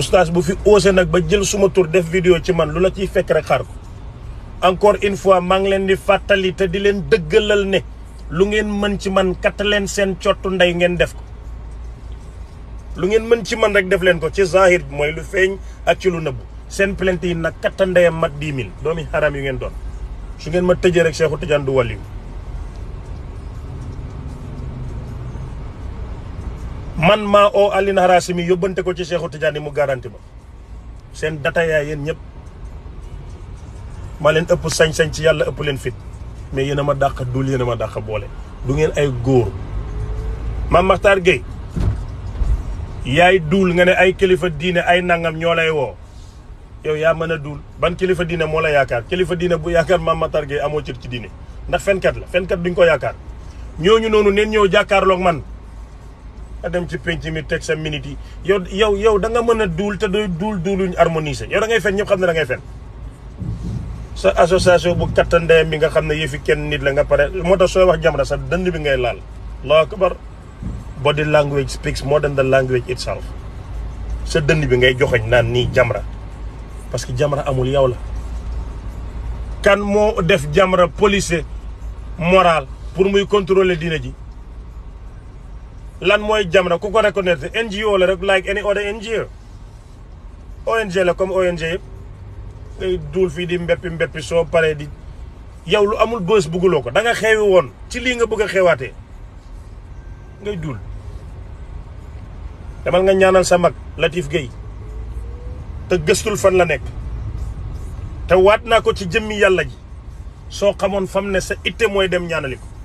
oustaz bu fi osé nag ba jël suma tur def vidéo ci man lu la ciy fekk rek xaar ko encore une fois maa ngi leen di fàttali te di leen dëggalal ne lu ngeen mën ci man katt leen seen cottu ndey ngeen def ko lu ngeen mën ci man rek def leen ko ci zahir bi mooy lu feeñ ak ci lu nëbb seen plainte yi nag katta ndeyam mat 10 000 doomi xaram yu ngeen doon su ngeen ma tëjee rek Cheikhou Tidiane du wàlliyu man maa oo Alioune Harasimi yóbbante ko ci te Tidiane mu garanti ma seen data yaa yéen ñëpp maa leen ëpp sañ-sañ ci yàlla ëpp leen fit mais yéen a ma dàq dul yéen a ma dàq boole du ngeen ay góor Mame Makhtar Gueye yaay duul nga ne ay kilifa diine ay nangam ñoo lay woo yow yaa mën a duul ban kilifa diine moo la yaakaar kilifa diine bu yaakaar Mame Makhtar Gueye amoo cër ci diine ndax fenkat la fenkat duñ ko yaakaar ñooñu noonu neen ñëw jàkkaarloog man nga dem ci penc mi tek sa minute yi yow yow yow da nga meuna dul te doy dul duuluñ harmoniser yow da ngay fen ñep xam da ngay fen sa association bu katande mi nga xamne yefi kenn nit la nga paré tax wax jamra sa dënd bi ngay laal akbar body language speaks more than the language itself sa dënd bi ngay joxeñ nan ni jamra parce que jamra amul yow la kan mo def jamra police moral pour muy contrôler dina ji lan mooy Jamra ku ko reconnaître NGO la rek like any other NGO ONG la comme ONG yëpp ngay duul fii di mbéppi mbéppi soo paree di yow lu amul bës bugguloo ko da nga xewi woon ci lii nga bëgg a xewaatee ngay duul demal nga ñaanal sa mag Latif Gueye te gëstul fan la nekk te waat naa ko ci jëmmi yàlla ji soo xamoon fam ne sa itte mooy dem ñaanali ko